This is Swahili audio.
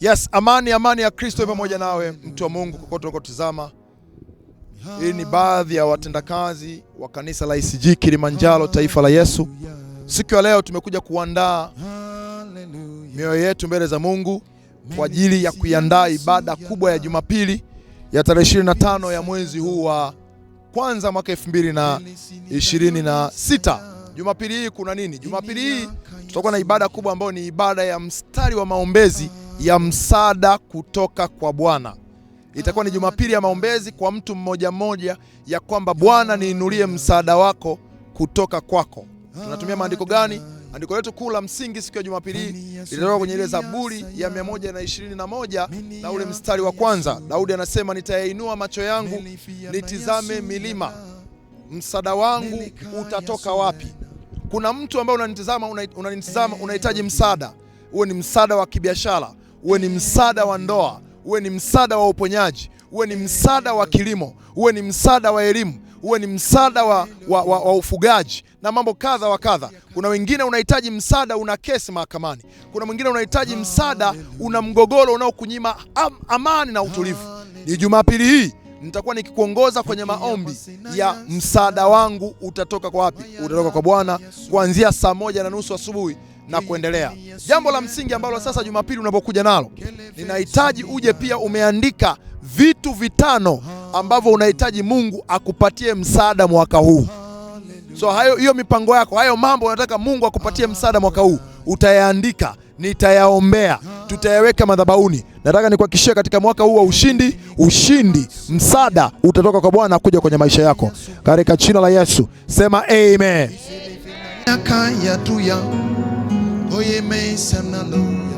Yes, amani amani ya Kristo pamoja nawe mtu wa Mungu kokote unakotazama. Hii ni baadhi ya watendakazi wa kanisa la ICG Kilimanjaro Taifa la Yesu. Siku ya leo tumekuja kuandaa mioyo yetu mbele za Mungu kwa ajili ya kuiandaa ibada kubwa ya Jumapili ya tarehe 25 ya mwezi huu wa kwanza mwaka sita. Jumapili hii kuna nini? Jumapili hii tutakuwa na ibada kubwa ambayo ni ibada ya mstari wa maombezi ya msaada kutoka kwa Bwana. Itakuwa ni Jumapili ya maombezi kwa mtu mmoja mmoja, ya kwamba Bwana, niinulie msaada wako kutoka kwako. Tunatumia maandiko gani? Andiko letu kuu la msingi siku ya Jumapili hii litatoka kwenye ile Zaburi ya 121 na, na ule mstari wa kwanza. Daudi anasema, nitayainua macho yangu nitizame milima, msaada wangu utatoka wapi? Kuna mtu ambaye unanitazama, unanitazama, unahitaji msaada, uwe ni msaada wa kibiashara, uwe ni msaada wa ndoa, uwe ni msaada wa uponyaji, uwe ni msaada wa kilimo, uwe ni msaada wa elimu, uwe ni msaada wa, wa, wa, wa ufugaji na mambo kadha wa kadha. Kuna wengine unahitaji msaada, una kesi mahakamani. Kuna mwingine unahitaji msaada, una mgogoro unaokunyima am, amani na utulivu. Ni Jumapili hii nitakuwa nikikuongoza kwenye maombi ya msaada wangu utatoka kwa wapi? Utatoka kwa Bwana kuanzia saa moja na nusu asubuhi na kuendelea. Jambo la msingi ambalo sasa Jumapili unapokuja nalo, ninahitaji uje pia umeandika vitu vitano ambavyo unahitaji Mungu akupatie msaada mwaka huu. So hayo, hiyo mipango yako, hayo mambo unataka Mungu akupatie msaada mwaka huu, utayaandika, nitayaombea, tutayaweka madhabahuni. Nataka nikuhakikishie katika mwaka huu wa ushindi, ushindi, msaada utatoka kwa Bwana kuja kwenye maisha yako katika jina la Yesu. Sema amen. Põe imensa na lua